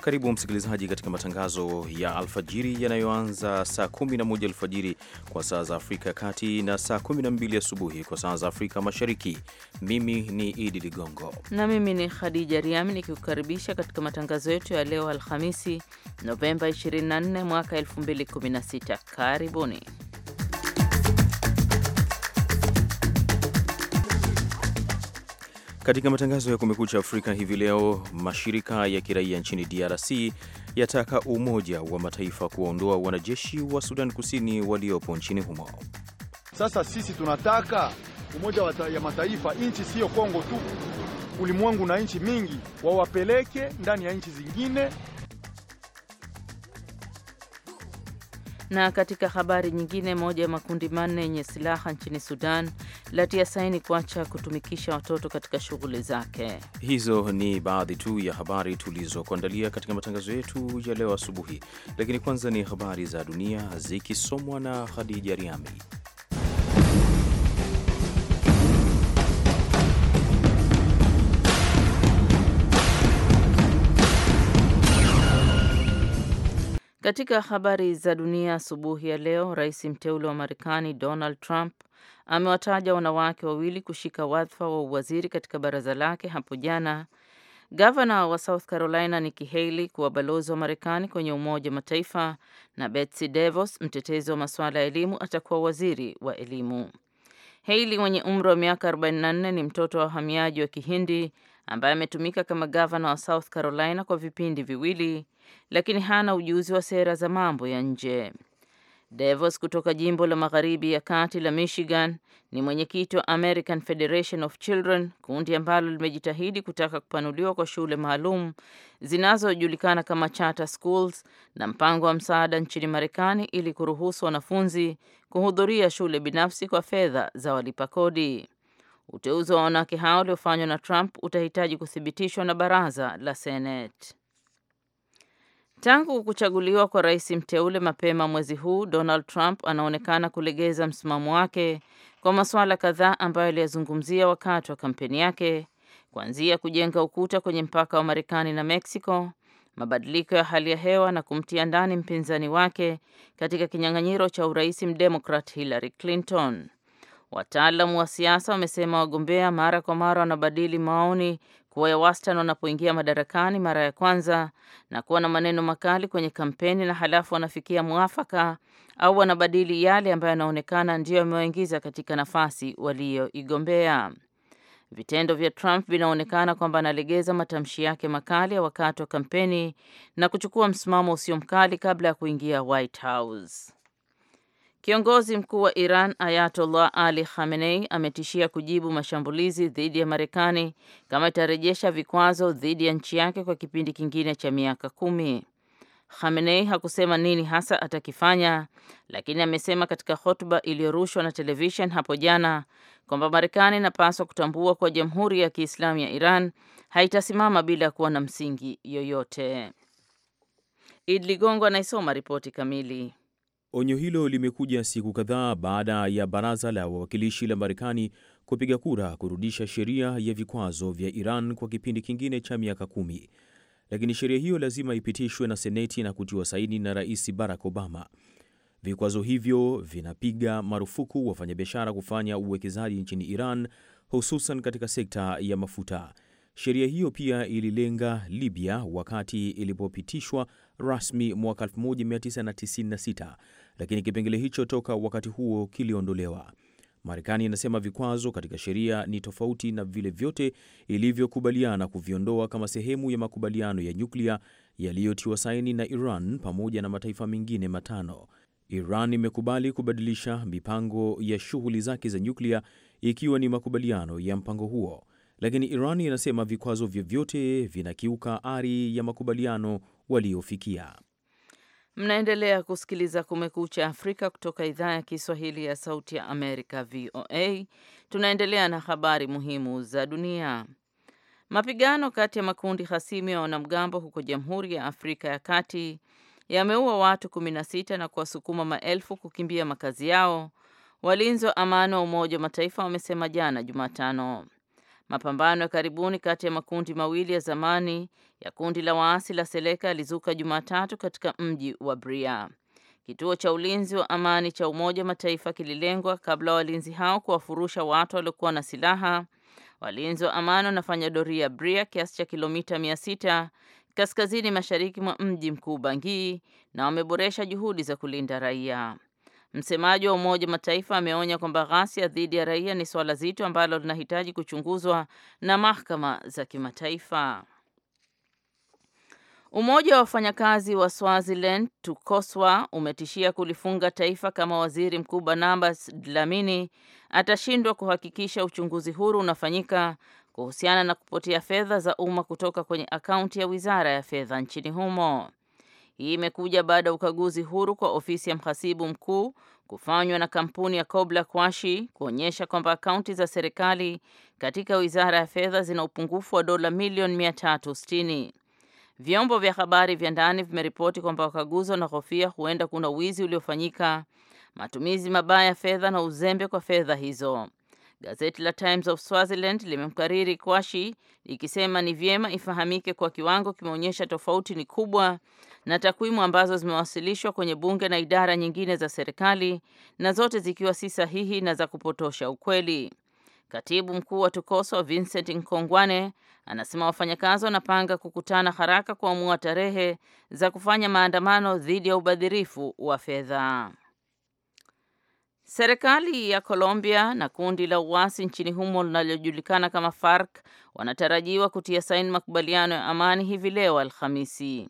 Karibu msikilizaji katika matangazo ya alfajiri yanayoanza saa 11 alfajiri kwa saa za Afrika ya Kati na saa 12 asubuhi kwa saa za Afrika Mashariki. Mimi ni Idi Ligongo na mimi ni Khadija Riami nikikukaribisha katika matangazo yetu ya leo Alhamisi, Novemba 24 mwaka 2016. Karibuni. Katika matangazo ya Kumekucha Afrika hivi leo, mashirika ya kiraia nchini DRC yataka Umoja wa Mataifa kuwaondoa wanajeshi wa Sudan Kusini waliopo nchini humo. Sasa sisi tunataka Umoja wa Mataifa, nchi siyo Kongo tu, ulimwengu na nchi mingi, wawapeleke ndani ya nchi zingine. Na katika habari nyingine, moja ya makundi manne yenye silaha nchini Sudan latia saini kuacha kutumikisha watoto katika shughuli zake. Hizo ni baadhi tu ya habari tulizokuandalia katika matangazo yetu ya leo asubuhi, lakini kwanza ni habari za dunia zikisomwa na Khadija Riami. Katika habari za dunia asubuhi ya leo, rais mteule wa Marekani Donald Trump amewataja wanawake wawili kushika wadhifa wa uwaziri katika baraza lake hapo jana. Gavana wa South Carolina Nikki Haley kuwa balozi wa Marekani kwenye Umoja wa Mataifa na Betsy DeVos, mtetezi wa masuala ya elimu, atakuwa waziri wa elimu. Haley mwenye umri wa miaka 44 ni mtoto wa wahamiaji wa Kihindi ambaye ametumika kama gavana wa South Carolina kwa vipindi viwili, lakini hana ujuzi wa sera za mambo ya nje. Devos kutoka jimbo la magharibi ya kati la Michigan ni mwenyekiti wa American Federation of Children, kundi ambalo limejitahidi kutaka kupanuliwa kwa shule maalum zinazojulikana kama charter schools na mpango wa msaada nchini Marekani ili kuruhusu wanafunzi kuhudhuria shule binafsi kwa fedha za walipa kodi. Uteuzi wa wanawake hao uliofanywa na Trump utahitaji kuthibitishwa na baraza la Senate. Tangu kuchaguliwa kwa rais mteule mapema mwezi huu, Donald Trump anaonekana kulegeza msimamo wake kwa masuala kadhaa ambayo aliyazungumzia wakati wa kampeni yake, kuanzia kujenga ukuta kwenye mpaka wa Marekani na Mexico, mabadiliko ya hali ya hewa na kumtia ndani mpinzani wake katika kinyang'anyiro cha urais mdemokrat Hillary Clinton. Wataalamu wa siasa wamesema wagombea mara kwa mara wanabadili maoni kuwa ya wastani wanapoingia madarakani mara ya kwanza na kuwa na maneno makali kwenye kampeni na halafu wanafikia mwafaka au wanabadili yale ambayo yanaonekana ndiyo yamewaingiza katika nafasi waliyoigombea. Vitendo vya Trump vinaonekana kwamba analegeza matamshi yake makali ya wakati wa kampeni na kuchukua msimamo usio mkali kabla ya kuingia White House. Kiongozi mkuu wa Iran Ayatollah Ali Khamenei ametishia kujibu mashambulizi dhidi ya Marekani kama itarejesha vikwazo dhidi ya nchi yake kwa kipindi kingine cha miaka kumi. Khamenei hakusema nini hasa atakifanya, lakini amesema katika hotuba iliyorushwa na televishen hapo jana kwamba Marekani inapaswa kutambua kuwa Jamhuri ya Kiislamu ya Iran haitasimama bila kuwa na msingi yoyote. Idi Ligongo anaisoma ripoti kamili. Onyo hilo limekuja siku kadhaa baada ya baraza la wawakilishi la Marekani kupiga kura kurudisha sheria ya vikwazo vya Iran kwa kipindi kingine cha miaka kumi, lakini sheria hiyo lazima ipitishwe na Seneti na kutiwa saini na Rais Barack Obama. Vikwazo hivyo vinapiga marufuku wafanyabiashara kufanya uwekezaji nchini Iran, hususan katika sekta ya mafuta. Sheria hiyo pia ililenga Libya wakati ilipopitishwa rasmi mwaka 1996 lakini kipengele hicho toka wakati huo kiliondolewa. Marekani inasema vikwazo katika sheria ni tofauti na vile vyote ilivyokubaliana kuviondoa kama sehemu ya makubaliano ya nyuklia yaliyotiwa saini na Iran pamoja na mataifa mengine matano. Iran imekubali kubadilisha mipango ya shughuli zake za nyuklia ikiwa ni makubaliano ya mpango huo, lakini Iran inasema vikwazo vyovyote vinakiuka ari ya makubaliano waliofikia. Mnaendelea kusikiliza Kumekucha Afrika kutoka idhaa ya Kiswahili ya Sauti ya Amerika, VOA. Tunaendelea na habari muhimu za dunia. Mapigano kati ya makundi hasimu ya wanamgambo huko Jamhuri ya Afrika ya Kati yameua watu 16 na kuwasukuma maelfu kukimbia makazi yao, walinzi wa amani wa Umoja wa Mataifa wamesema jana Jumatano. Mapambano ya karibuni kati ya makundi mawili ya zamani ya kundi la waasi la Seleka yalizuka Jumatatu katika mji wa Bria. Kituo cha ulinzi wa amani cha Umoja wa Mataifa kililengwa kabla walinzi hao kuwafurusha watu waliokuwa na silaha. Walinzi wa amani wanafanya doria Bria, kiasi cha kilomita sita kaskazini mashariki mwa mji mkuu Bangui, na wameboresha juhudi za kulinda raia. Msemaji wa Umoja wa Mataifa ameonya kwamba ghasia dhidi ya raia ni swala zito ambalo linahitaji kuchunguzwa na mahakama za kimataifa. Umoja wa wafanyakazi wa Swaziland TUKOSWA umetishia kulifunga taifa kama waziri mkuu Barnabas Dlamini atashindwa kuhakikisha uchunguzi huru unafanyika kuhusiana na kupotea fedha za umma kutoka kwenye akaunti ya Wizara ya Fedha nchini humo. Hii imekuja baada ya ukaguzi huru kwa ofisi ya mhasibu mkuu kufanywa na kampuni ya Kobla Kwashi kuonyesha kwamba akaunti za serikali katika Wizara ya Fedha zina upungufu wa dola milioni 360. Vyombo vya habari vya ndani vimeripoti kwamba wakaguzi wanahofia huenda kuna wizi uliofanyika, matumizi mabaya ya fedha na uzembe kwa fedha hizo. Gazeti la Times of Swaziland limemkariri Kwashi ikisema ni vyema ifahamike kwa kiwango kimeonyesha tofauti ni kubwa na takwimu ambazo zimewasilishwa kwenye bunge na idara nyingine za serikali na zote zikiwa si sahihi na za kupotosha ukweli. Katibu mkuu wa Tukoso Vincent Nkongwane anasema wafanyakazi wanapanga kukutana haraka kuamua tarehe za kufanya maandamano dhidi ya ubadhirifu wa fedha. Serikali ya Colombia na kundi la uasi nchini humo linalojulikana kama FARC wanatarajiwa kutia saini makubaliano ya amani hivi leo Alhamisi.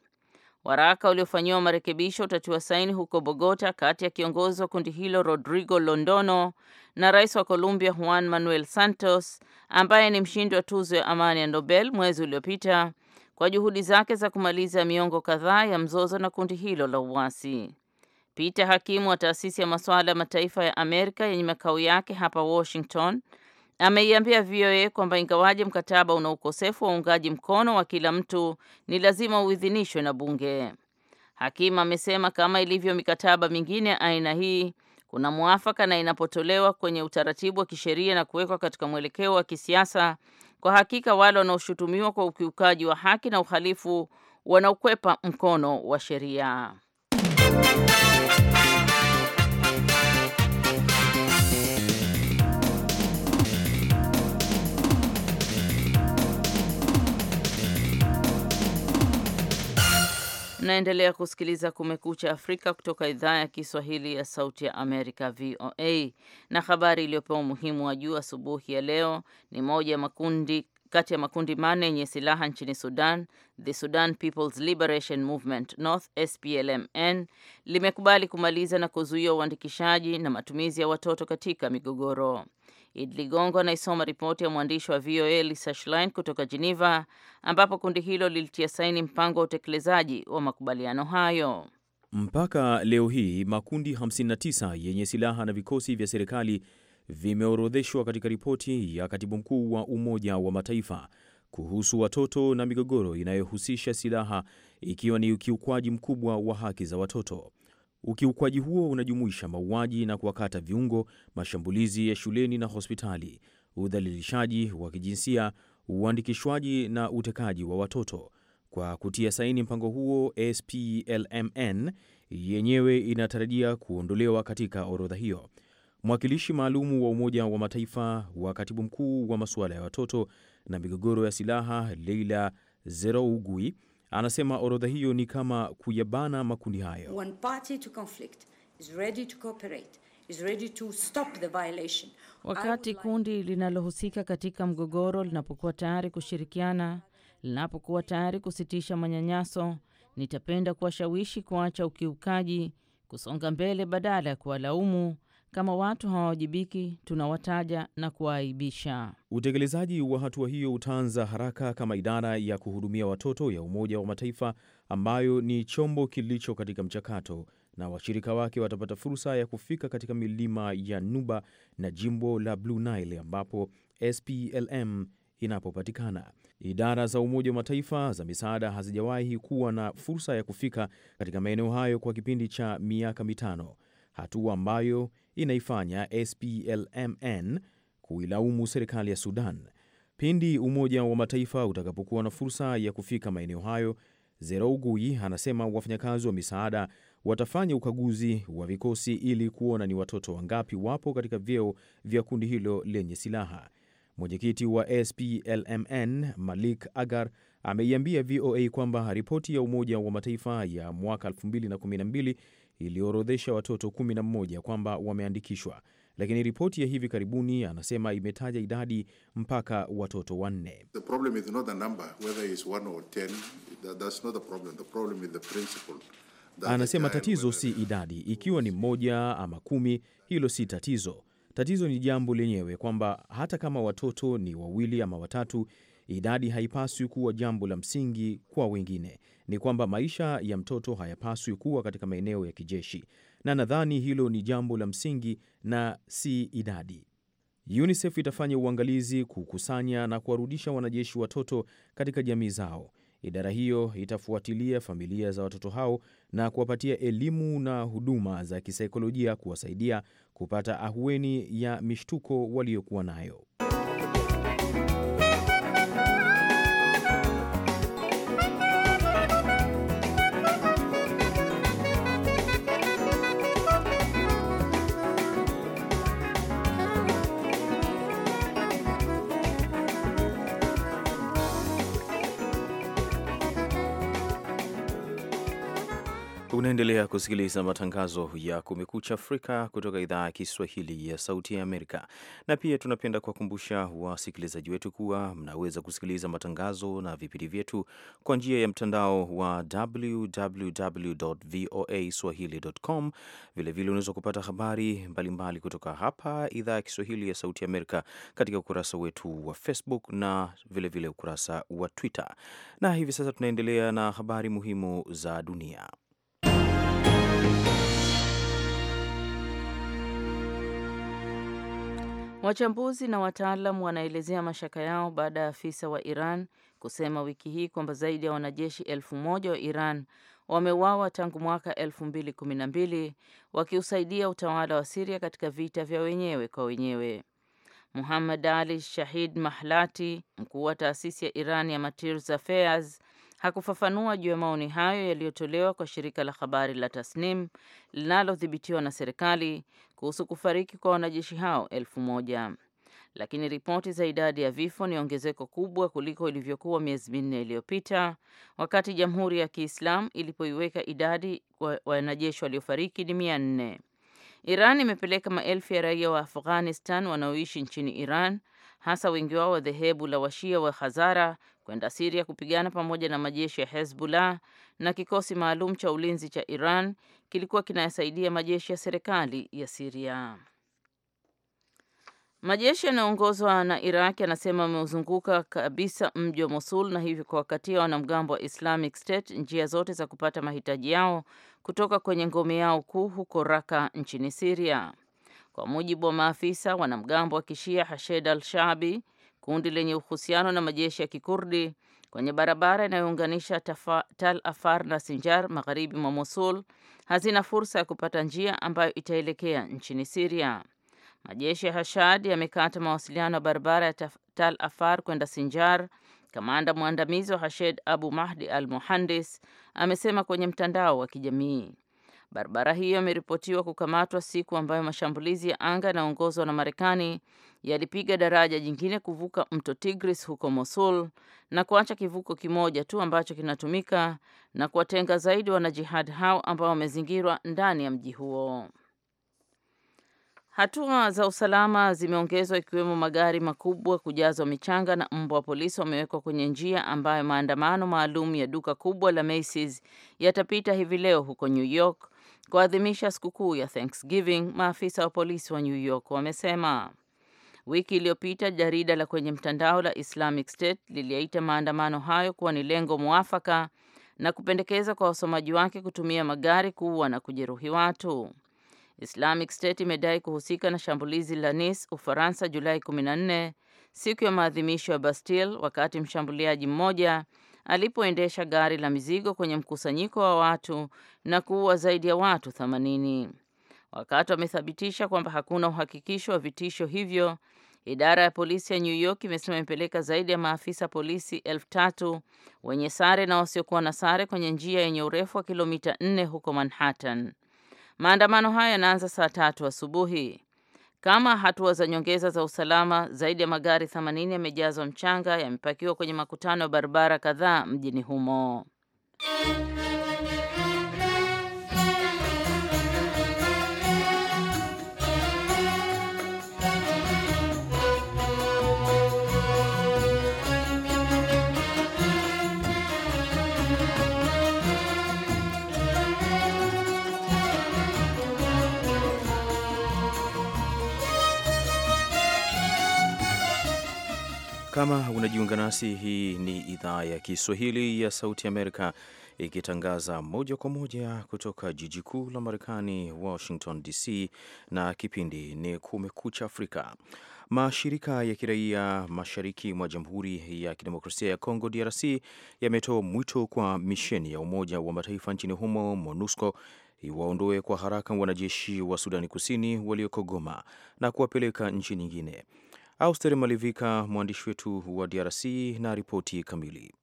Waraka uliofanyiwa marekebisho utatiwa saini huko Bogota kati ya kiongozi wa kundi hilo Rodrigo Londono na rais wa Colombia Juan Manuel Santos ambaye ni mshindi wa tuzo ya amani ya Nobel mwezi uliopita kwa juhudi zake za kumaliza miongo kadhaa ya mzozo na kundi hilo la uasi. Peter Hakimu wa taasisi ya masuala ya mataifa ya Amerika yenye makao yake hapa Washington ameiambia VOA kwamba ingawaje mkataba una ukosefu wa uungaji mkono wa kila mtu, ni lazima uidhinishwe na bunge. Hakimu amesema kama ilivyo mikataba mingine ya aina hii kuna mwafaka na inapotolewa kwenye utaratibu wa kisheria na kuwekwa katika mwelekeo wa kisiasa, kwa hakika wale wanaoshutumiwa kwa ukiukaji wa haki na uhalifu wanaokwepa mkono wa sheria naendelea kusikiliza Kumekucha Afrika kutoka idhaa ya Kiswahili ya Sauti ya Amerika, VOA. Na habari iliyopewa umuhimu wa juu asubuhi ya leo ni moja ya makundi kati ya makundi manne yenye silaha nchini Sudan, the Sudan People's Liberation Movement North, SPLMN, limekubali kumaliza na kuzuia uandikishaji na matumizi ya watoto katika migogoro id Ligongo anaisoma ripoti ya mwandishi wa VOA Lisa Schlein kutoka Geneva, ambapo kundi hilo lilitia saini mpango wa utekelezaji wa makubaliano hayo. Mpaka leo hii makundi 59 yenye silaha na vikosi vya serikali vimeorodheshwa katika ripoti ya katibu mkuu wa Umoja wa Mataifa kuhusu watoto na migogoro inayohusisha silaha, ikiwa ni ukiukwaji mkubwa wa haki za watoto. Ukiukwaji huo unajumuisha mauaji na kuwakata viungo, mashambulizi ya shuleni na hospitali, udhalilishaji wa kijinsia, uandikishwaji na utekaji wa watoto. Kwa kutia saini mpango huo, SPLMN yenyewe inatarajia kuondolewa katika orodha hiyo. Mwakilishi maalumu wa Umoja wa Mataifa wa katibu mkuu wa masuala ya watoto na migogoro ya silaha Leila Zerougui Anasema orodha hiyo ni kama kuyabana makundi hayo. One party to conflict is ready to cooperate. Is ready to stop the violation. Wakati kundi linalohusika katika mgogoro linapokuwa tayari kushirikiana, linapokuwa tayari kusitisha manyanyaso, nitapenda kuwashawishi kuacha ukiukaji, kusonga mbele badala ya kuwalaumu kama watu hawawajibiki, tunawataja na kuwaaibisha. Utekelezaji wa hatua hiyo utaanza haraka kama idara ya kuhudumia watoto ya Umoja wa Mataifa ambayo ni chombo kilicho katika mchakato na washirika wake watapata fursa ya kufika katika milima ya Nuba na jimbo la Blue Nile ambapo SPLM inapopatikana. Idara za Umoja wa Mataifa za misaada hazijawahi kuwa na fursa ya kufika katika maeneo hayo kwa kipindi cha miaka mitano, hatua ambayo inaifanya SPLMN kuilaumu serikali ya Sudan pindi Umoja wa Mataifa utakapokuwa na fursa ya kufika maeneo hayo. zerougui anasema wafanyakazi wa misaada watafanya ukaguzi wa vikosi ili kuona ni watoto wangapi wapo katika vyeo vya kundi hilo lenye silaha. Mwenyekiti wa SPLMN Malik Agar ameiambia VOA kwamba ripoti ya Umoja wa Mataifa ya mwaka 2012 iliyoorodhesha watoto 11 kwamba wameandikishwa, lakini ripoti ya hivi karibuni anasema imetaja idadi mpaka watoto wanne. Anasema tatizo si idadi, ikiwa ni mmoja ama kumi, hilo si tatizo. Tatizo ni jambo lenyewe, kwamba hata kama watoto ni wawili ama watatu, idadi haipaswi kuwa jambo la msingi kwa wengine ni kwamba maisha ya mtoto hayapaswi kuwa katika maeneo ya kijeshi, na nadhani hilo ni jambo la msingi na si idadi. UNICEF itafanya uangalizi, kukusanya na kuwarudisha wanajeshi watoto katika jamii zao. Idara hiyo itafuatilia familia za watoto hao na kuwapatia elimu na huduma za kisaikolojia kuwasaidia kupata ahueni ya mishtuko waliokuwa nayo. Unaendelea kusikiliza matangazo ya Kumekucha Afrika kutoka idhaa ya Kiswahili ya Sauti ya Amerika. Na pia tunapenda kuwakumbusha wasikilizaji wetu kuwa mnaweza kusikiliza matangazo na vipindi vyetu kwa njia ya mtandao wa www.voaswahili.com. Vilevile unaweza kupata habari mbalimbali mbali kutoka hapa idhaa ya Kiswahili ya Sauti Amerika katika ukurasa wetu wa Facebook na vilevile vile ukurasa wa Twitter. Na hivi sasa tunaendelea na habari muhimu za dunia. Wachambuzi na wataalam wanaelezea mashaka yao baada ya afisa wa Iran kusema wiki hii kwamba zaidi ya wanajeshi elfu moja wa Iran wameuawa tangu mwaka elfu mbili kumi na mbili wakiusaidia utawala wa Siria katika vita vya wenyewe kwa wenyewe. Muhammad Ali Shahid Mahlati, mkuu wa taasisi ya Iran ya matirs Affairs, hakufafanua juu ya maoni hayo yaliyotolewa kwa shirika la habari la Tasnim linalodhibitiwa na serikali kuhusu kufariki kwa wanajeshi hao elfu moja lakini ripoti za idadi ya vifo ni ongezeko kubwa kuliko ilivyokuwa miezi minne iliyopita, wakati Jamhuri ya Kiislamu ilipoiweka idadi wa wanajeshi waliofariki ni mia nne. Iran imepeleka maelfu ya raia wa Afghanistan wanaoishi nchini Iran, hasa wengi wao wa dhehebu la Washia wa Hazara kwenda Siria kupigana pamoja na majeshi ya Hezbollah na kikosi maalum cha ulinzi cha Iran kilikuwa kinayasaidia majeshi ya serikali ya Siria. Majeshi yanayoongozwa na Iraq yanasema wameuzunguka kabisa mji wa Mosul na hivyo kuwakatia wanamgambo wa Islamic State njia zote za kupata mahitaji yao kutoka kwenye ngome yao kuu huko Raka nchini Siria. Kwa mujibu wa maafisa, wanamgambo wa Kishia Hashed al-Shaabi kundi lenye uhusiano na majeshi ya Kikurdi kwenye barabara inayounganisha Tal Afar na Sinjar magharibi mwa Mosul hazina fursa ya kupata njia ambayo itaelekea nchini Siria. Majeshi ya Hashad yamekata mawasiliano ya barabara ya Tal Afar kwenda Sinjar. Kamanda mwandamizi wa Hashed Abu Mahdi al Muhandis amesema kwenye mtandao wa kijamii. Barabara hiyo imeripotiwa kukamatwa siku ambayo mashambulizi ya anga yanaongozwa na Marekani yalipiga daraja jingine kuvuka mto Tigris huko Mosul na kuacha kivuko kimoja tu ambacho kinatumika na kuwatenga zaidi wanajihad hao ambao wamezingirwa ndani ya mji huo. Hatua za usalama zimeongezwa ikiwemo magari makubwa kujazwa michanga na mbwa wa polisi wamewekwa kwenye njia ambayo maandamano maalum ya duka kubwa la Macy's yatapita hivi leo huko New York kuadhimisha sikukuu ya Thanksgiving, maafisa wa polisi wa New York wamesema. Wiki iliyopita jarida la kwenye mtandao la Islamic State liliyaita maandamano hayo kuwa ni lengo mwafaka na kupendekeza kwa wasomaji wake kutumia magari kuua na kujeruhi watu. Islamic State imedai kuhusika na shambulizi la Nice, Ufaransa Julai 14, siku ya maadhimisho ya Bastille wakati mshambuliaji mmoja alipoendesha gari la mizigo kwenye mkusanyiko wa watu na kuua zaidi ya watu 80. Wakati wamethibitisha kwamba hakuna uhakikisho wa vitisho hivyo, idara ya polisi ya New York imesema imepeleka zaidi ya maafisa polisi elfu tatu wenye sare na wasiokuwa na sare kwenye njia yenye urefu wa kilomita 4 huko Manhattan. Maandamano hayo yanaanza saa tatu asubuhi. Kama hatua za nyongeza za usalama, zaidi ya magari 80 yamejazwa mchanga yamepakiwa kwenye makutano ya barabara kadhaa mjini humo. Kama unajiunga nasi, hii ni idhaa ya Kiswahili ya Sauti Amerika ikitangaza moja kwa moja kutoka jiji kuu la Marekani, Washington DC, na kipindi ni Kumekucha Afrika. Mashirika ya kiraia mashariki mwa Jamhuri ya Kidemokrasia ya Kongo, DRC, yametoa mwito kwa misheni ya Umoja wa Mataifa nchini humo, MONUSCO, iwaondoe kwa haraka wanajeshi wa Sudani Kusini walioko Goma na kuwapeleka nchi nyingine. Auster Malivika, mwandishi wetu wa DRC, na ripoti kamili.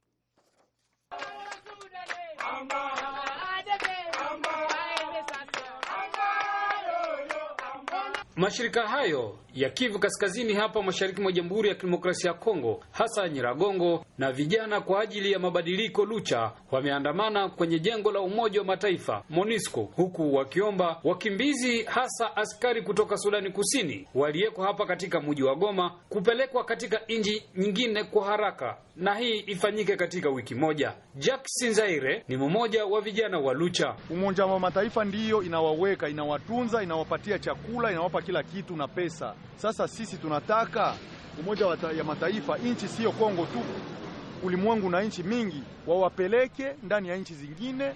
Mashirika hayo ya Kivu Kaskazini hapa mashariki mwa Jamhuri ya Kidemokrasia ya Kongo, hasa Nyiragongo na vijana kwa ajili ya mabadiliko Lucha, wameandamana kwenye jengo la Umoja wa Mataifa MONUSCO, huku wakiomba wakimbizi hasa askari kutoka Sudani Kusini waliyeko hapa katika mji wa Goma kupelekwa katika nchi nyingine kwa haraka, na hii ifanyike katika wiki moja. Jack Sinzaire ni mmoja wa vijana wa Lucha. Umoja wa Mataifa ndiyo inawaweka, inawatunza, inawapatia chakula, inawapa kila kitu na pesa. Sasa sisi tunataka Umoja wa ya Mataifa, nchi siyo Kongo tu, ulimwengu na nchi mingi wawapeleke ndani ya nchi zingine,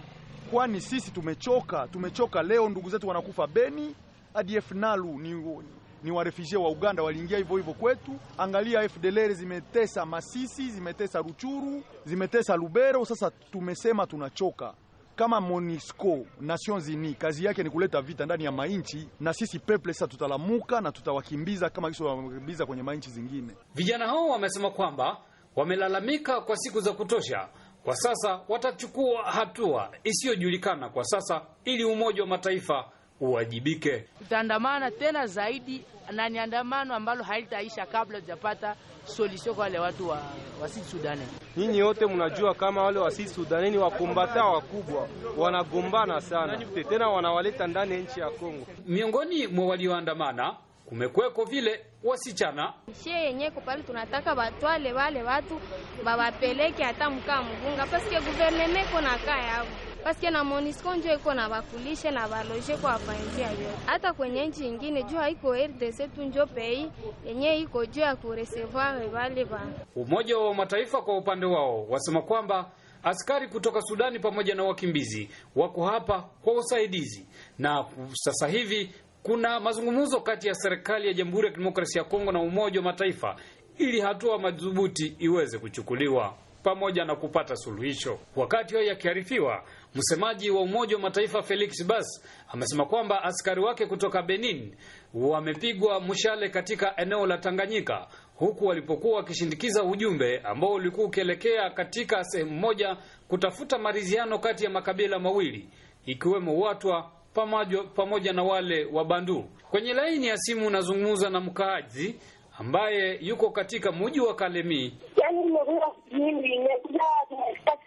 kwani sisi tumechoka. Tumechoka leo ndugu zetu wanakufa Beni, ADF Nalu ni, ni warefujie wa Uganda waliingia hivyo hivyo kwetu. Angalia FDLR zimetesa Masisi, zimetesa Ruchuru, zimetesa Lubero. Sasa tumesema tunachoka kama Monisco Nations Unies kazi yake ni kuleta vita ndani ya mainchi, na sisi peple sasa tutalamuka na tutawakimbiza kama kisha wakimbiza kwenye mainchi zingine. Vijana hao wamesema kwamba wamelalamika kwa siku za kutosha, kwa sasa watachukua hatua isiyojulikana kwa sasa ili Umoja wa Mataifa uwajibike. Tutaandamana tena zaidi, na ni andamano ambalo halitaisha kabla tujapata solution kwa wale watu wa, wa Sud Sudani. Nyinyi wote mnajua kama wale wa Sud Sudani ni wakombata wakubwa, wanagombana sana tena wanawaleta ndani ya nchi ya Kongo. Miongoni mwa walioandamana kumekweko vile wasichana shie yenye kopali tunataka batwale wale watu bawapeleke hata mkaa mgunga paske guverneme kona kaa paske na Monisco njo iko na bakulishe na baloje kwa afanzia yote, hata kwenye nchi ingine juu haiko RDC tu njo pei yenye iko juu ya kuresevoir wale ba. Umoja wa Mataifa kwa upande wao wasema kwamba askari kutoka Sudani pamoja na wakimbizi wako hapa kwa usaidizi, na sasa hivi kuna mazungumzo kati ya serikali ya Jamhuri ya Kidemokrasia ya Kongo na Umoja wa Mataifa ili hatua madhubuti iweze kuchukuliwa pamoja na kupata suluhisho. Wakati hayo yakiharifiwa, Msemaji wa Umoja wa Mataifa Felix Bas amesema kwamba askari wake kutoka Benin wamepigwa mshale katika eneo la Tanganyika huku walipokuwa wakishindikiza ujumbe ambao ulikuwa ukielekea katika sehemu moja kutafuta maridhiano kati ya makabila mawili ikiwemo Watwa pamoja, pamoja na wale wa Bandu. Kwenye laini ya simu unazungumza na mkaaji ambaye yuko katika mji wa Kalemie. Yaani,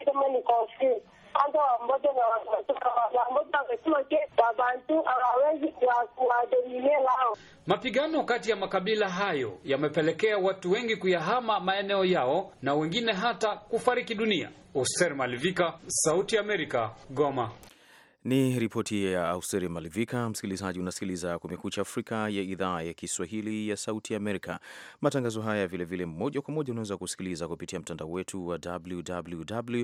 kama kwanza na wamesema wabantu hawawezi Mapigano kati ya makabila hayo yamepelekea watu wengi kuyahama maeneo yao na wengine hata kufariki dunia. Oser Malivika, Sauti ya Amerika, Goma. Ni ripoti ya austeri Malivika. Msikilizaji, unasikiliza Kumekucha Afrika ya idhaa ya Kiswahili ya Sauti ya Amerika. Matangazo haya vilevile moja kwa moja unaweza kusikiliza kupitia mtandao wetu wa www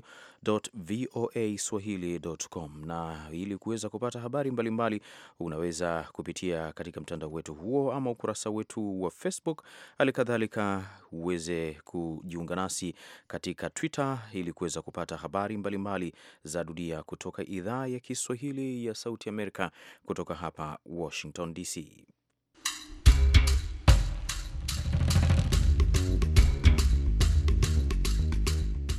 voa swahili.com, na ili kuweza kupata habari mbalimbali mbali, unaweza kupitia katika mtandao wetu huo ama ukurasa wetu wa Facebook. Hali kadhalika uweze kujiunga nasi katika Twitter ili kuweza kupata habari mbalimbali mbali za dunia kutoka idhaa ya Kiswahili Kiswahili ya Sauti Amerika kutoka hapa Washington DC.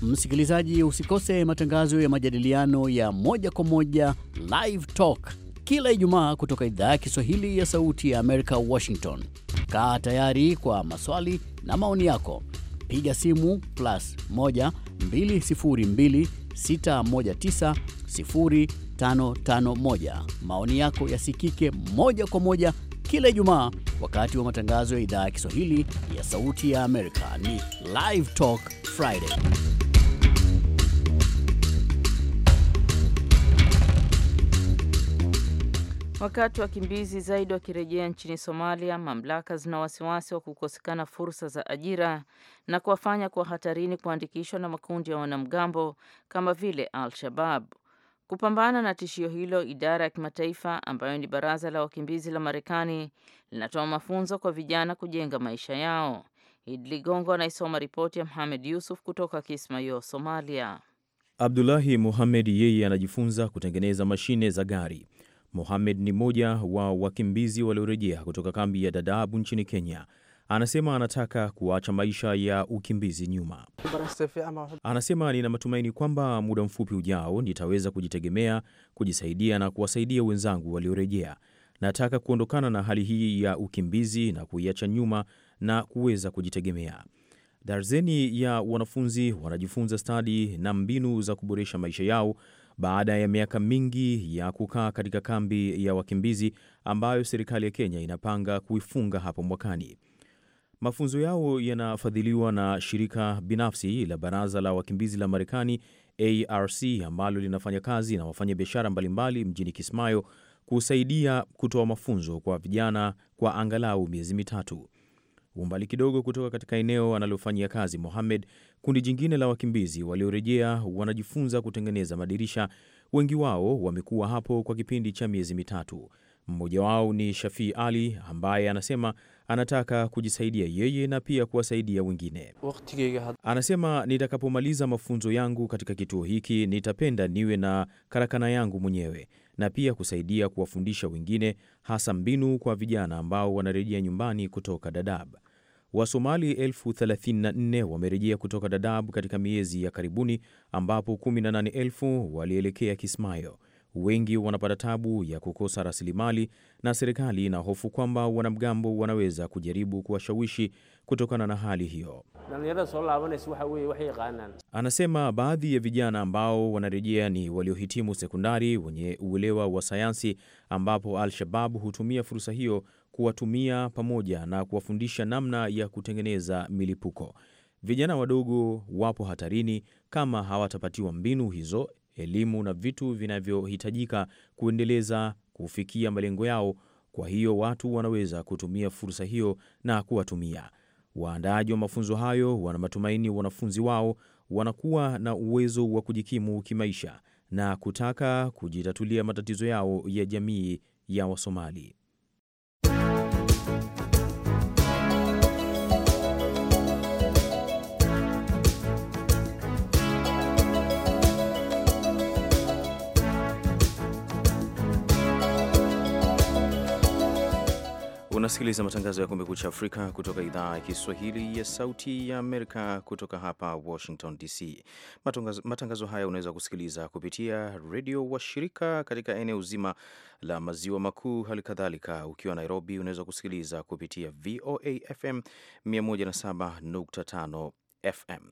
Msikilizaji, usikose matangazo ya majadiliano ya moja kwa moja Live Talk kila Ijumaa kutoka idhaa ya Kiswahili ya Sauti ya Amerika, Washington. Kaa tayari kwa maswali na maoni yako, piga simu plus 1 202 619 551. Maoni yako yasikike moja kwa moja kila Ijumaa wakati wa matangazo ya idhaa ya Kiswahili ya Sauti ya Amerika. Ni Live Talk Friday. Wakati wakimbizi zaidi wakirejea nchini Somalia, mamlaka zina wasiwasi wa kukosekana fursa za ajira na kuwafanya kuwa hatarini kuandikishwa na makundi ya wanamgambo kama vile Al-Shabab. Kupambana na tishio hilo, idara ya kimataifa ambayo ni baraza la wakimbizi la Marekani linatoa mafunzo kwa vijana kujenga maisha yao. Idi Ligongo anaisoma ripoti ya mhamed Yusuf kutoka Kismayo, Somalia. Abdulahi muhamed yeye anajifunza kutengeneza mashine za gari. muhamed ni mmoja wa wakimbizi waliorejea kutoka kambi ya Dadaabu nchini Kenya. Anasema anataka kuacha maisha ya ukimbizi nyuma. Anasema nina matumaini kwamba muda mfupi ujao nitaweza kujitegemea, kujisaidia na kuwasaidia wenzangu waliorejea. Nataka kuondokana na hali hii ya ukimbizi na kuiacha nyuma na kuweza kujitegemea. Darzeni ya wanafunzi wanajifunza stadi na mbinu za kuboresha maisha yao baada ya miaka mingi ya kukaa katika kambi ya wakimbizi ambayo serikali ya Kenya inapanga kuifunga hapo mwakani. Mafunzo yao yanafadhiliwa na shirika binafsi la Baraza la Wakimbizi la Marekani, ARC, ambalo linafanya kazi na wafanyabiashara mbalimbali mjini Kismayo kusaidia kutoa mafunzo kwa vijana kwa angalau miezi mitatu. Umbali kidogo kutoka katika eneo analofanyia kazi Mohamed, kundi jingine la wakimbizi waliorejea wanajifunza kutengeneza madirisha. Wengi wao wamekuwa hapo kwa kipindi cha miezi mitatu. Mmoja wao ni Shafii Ali ambaye anasema anataka kujisaidia yeye na pia kuwasaidia wengine. Anasema, nitakapomaliza mafunzo yangu katika kituo hiki nitapenda niwe na karakana yangu mwenyewe na pia kusaidia kuwafundisha wengine, hasa mbinu kwa vijana ambao wanarejea nyumbani kutoka Dadaab. Wasomali elfu 34 wamerejea kutoka Dadaab katika miezi ya karibuni, ambapo 18,000 walielekea Kismayo wengi wanapata tabu ya kukosa rasilimali, na serikali ina hofu kwamba wanamgambo wanaweza kujaribu kuwashawishi kutokana na hali hiyo. Anasema baadhi ya vijana ambao wanarejea ni waliohitimu sekondari wenye uelewa wa sayansi, ambapo Al-Shabab hutumia fursa hiyo kuwatumia pamoja na kuwafundisha namna ya kutengeneza milipuko. Vijana wadogo wapo hatarini kama hawatapatiwa mbinu hizo elimu na vitu vinavyohitajika kuendeleza kufikia malengo yao. Kwa hiyo watu wanaweza kutumia fursa hiyo na kuwatumia. Waandaaji wa mafunzo hayo wana matumaini wanafunzi wao wanakuwa na uwezo wa kujikimu kimaisha na kutaka kujitatulia matatizo yao ya jamii ya Wasomali. Unasikiliza matangazo ya Kumekucha Afrika kutoka idhaa ya Kiswahili ya Sauti ya Amerika kutoka hapa Washington DC. Matangazo, matangazo haya unaweza kusikiliza kupitia redio wa shirika katika eneo zima la maziwa makuu. Hali kadhalika ukiwa Nairobi unaweza kusikiliza kupitia VOA FM 107.5 FM.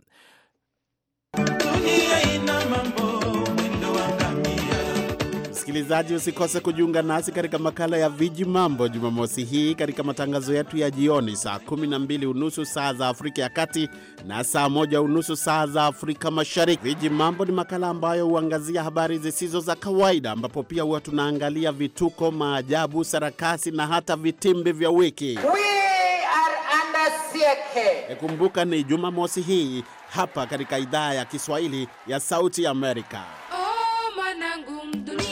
Dunia ina mambo, mwendo wa ngamia. Msikilizaji, usikose kujiunga nasi katika makala ya Viji Mambo Jumamosi hii katika matangazo yetu ya jioni saa kumi na mbili unusu saa za Afrika ya Kati na saa moja unusu saa za Afrika Mashariki. Viji Mambo ni makala ambayo huangazia habari zisizo za kawaida, ambapo pia huwa tunaangalia vituko, maajabu, sarakasi na hata vitimbi vya wiki. Kumbuka ni Jumamosi hii hapa katika idhaa ya Kiswahili ya Sauti Amerika. Oh,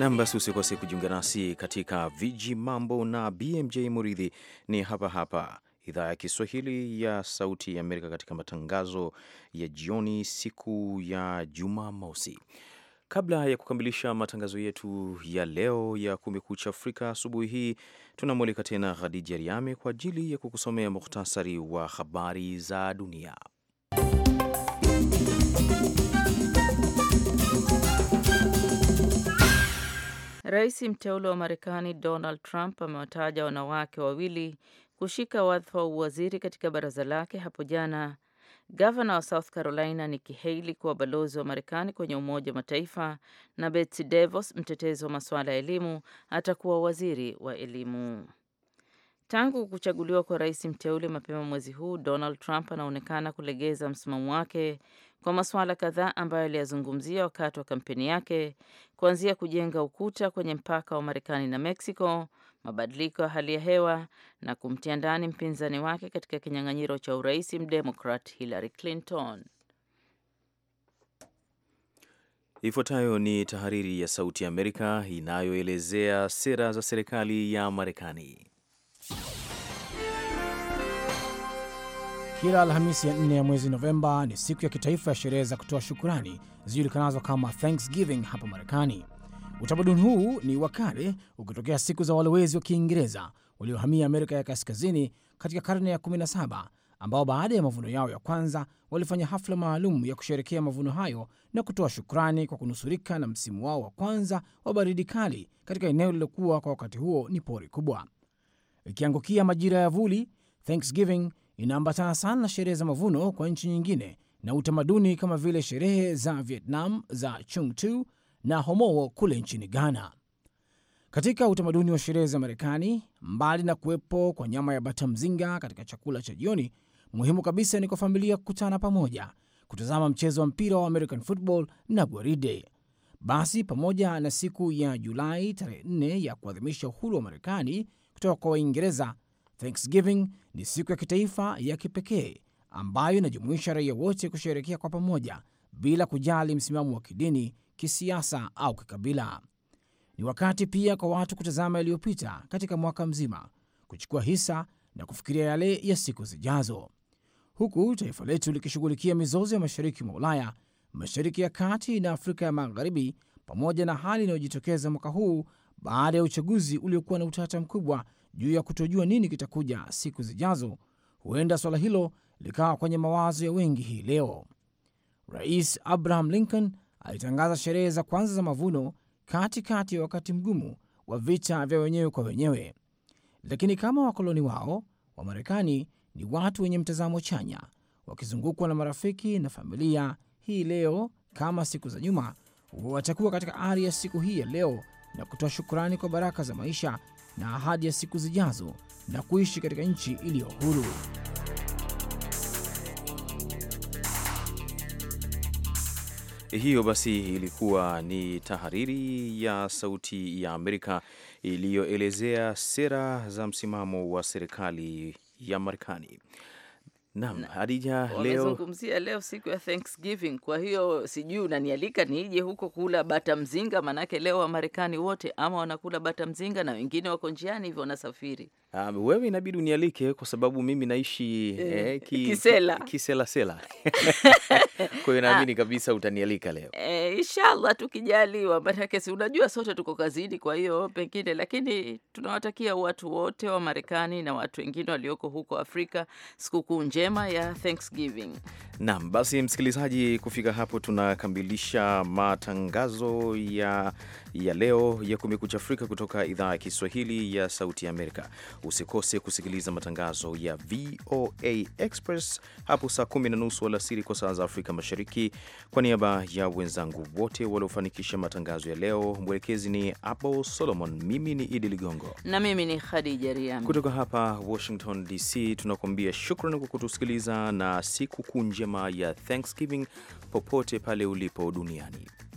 Nam, basi usikose kujiunga nasi katika viji mambo na BMJ Muridhi. Ni hapa hapa idhaa ya Kiswahili ya Sauti ya Amerika katika matangazo ya jioni siku ya Jumamosi. Kabla ya kukamilisha matangazo yetu ya leo ya Kumekucha Afrika asubuhi hii, tunamwalika tena Khadija Riame kwa ajili ya kukusomea muhtasari wa habari za dunia. Rais mteule wa Marekani Donald Trump amewataja wanawake wawili kushika wadhifa wa uwaziri katika baraza lake hapo jana, gavana wa South Carolina Nikki Haley kuwa balozi wa Marekani kwenye Umoja wa Mataifa na Betsy DeVos, mtetezi wa masuala ya elimu, atakuwa waziri wa elimu. Tangu kuchaguliwa kwa rais mteule mapema mwezi huu, Donald Trump anaonekana kulegeza msimamo wake kwa masuala kadhaa ambayo aliyazungumzia wakati wa kampeni yake, kuanzia kujenga ukuta kwenye mpaka wa Marekani na Mexico, mabadiliko ya hali ya hewa na kumtia ndani mpinzani wake katika kinyang'anyiro cha urais mdemokrat Hillary Clinton. Ifuatayo ni tahariri ya Sauti ya Amerika inayoelezea sera za serikali ya Marekani. Kila Alhamisi ya nne ya mwezi Novemba ni siku ya kitaifa ya sherehe za kutoa shukurani zijulikanazo kama Thanksgiving hapa Marekani. Utamaduni huu ni wa kale ukitokea siku za walowezi wa Kiingereza waliohamia Amerika ya Kaskazini katika karne ya 17 ambao baada ya mavuno yao ya kwanza walifanya hafla maalum ya kusherekea mavuno hayo na kutoa shukrani kwa kunusurika na msimu wao wa kwanza wa baridi kali katika eneo lililokuwa kwa wakati huo ni pori kubwa. Ikiangukia majira ya vuli, Thanksgiving inaambatana sana na sherehe za mavuno kwa nchi nyingine na utamaduni kama vile sherehe za Vietnam za Chung Tu na Homowo kule nchini Ghana. Katika utamaduni wa sherehe za Marekani, mbali na kuwepo kwa nyama ya bata mzinga katika chakula cha jioni, muhimu kabisa ni kwa familia kukutana pamoja, kutazama mchezo wa mpira wa American football na gwaride. Basi, pamoja na siku ya Julai tarehe 4 ya kuadhimisha uhuru wa Marekani kutoka kwa Waingereza, Thanksgiving ni siku ya kitaifa ya kipekee ambayo inajumuisha raia wote kusherekea kwa pamoja bila kujali msimamo wa kidini, kisiasa au kikabila. Ni wakati pia kwa watu kutazama yaliyopita katika mwaka mzima, kuchukua hisa na kufikiria yale ya siku zijazo, huku taifa letu likishughulikia mizozo ya mashariki mwa Ulaya, mashariki ya kati na Afrika ya magharibi, pamoja na hali inayojitokeza mwaka huu baada ya uchaguzi uliokuwa na utata mkubwa juu ya kutojua nini kitakuja siku zijazo, huenda swala hilo likawa kwenye mawazo ya wengi hii leo. Rais Abraham Lincoln alitangaza sherehe za kwanza za mavuno katikati kati ya wakati mgumu wa vita vya wenyewe kwa wenyewe, lakini kama wakoloni wao wa marekani ni watu wenye mtazamo chanya, wakizungukwa na marafiki na familia hii leo kama siku za nyuma, watakuwa katika ari ya siku hii ya leo na kutoa shukrani kwa baraka za maisha na ahadi ya siku zijazo na kuishi katika nchi iliyo huru. Hiyo basi ilikuwa ni tahariri ya Sauti ya Amerika iliyoelezea sera za msimamo wa serikali ya Marekani. Naam, Hadija, leo wamezungumzia leo siku ya Thanksgiving. Kwa hiyo sijui unanialika niije huko kula bata mzinga, maanake leo Wamarekani wote ama wanakula bata mzinga na wengine wako njiani hivyo wanasafiri. Um, wewe inabidi unialike kwa sababu mimi naishi eh, eh ki, kisela kisela sela kwa hiyo naamini ah. kabisa utanialika leo eh, inshallah tukijaliwa, maanake si unajua sote tuko kazini, kwa hiyo pengine. Lakini tunawatakia watu wote wa Marekani na watu wengine walioko huko Afrika sikukuu njema ya Thanksgiving. Naam, basi msikilizaji, kufika hapo tunakamilisha matangazo ya ya leo ya Kumekucha Afrika kutoka idhaa ya Kiswahili ya Sauti ya Amerika. Usikose kusikiliza matangazo ya VOA Express hapo saa kumi na nusu alasiri kwa saa za Afrika Mashariki. Kwa niaba ya wenzangu wote waliofanikisha matangazo ya leo, mwelekezi ni Apple Solomon, mimi ni Idi Ligongo na mimi ni Khadija Riami kutoka hapa Washington DC, tunakuambia shukran kwa kutusikiliza na siku kuu njema ya Thanksgiving popote pale ulipo duniani.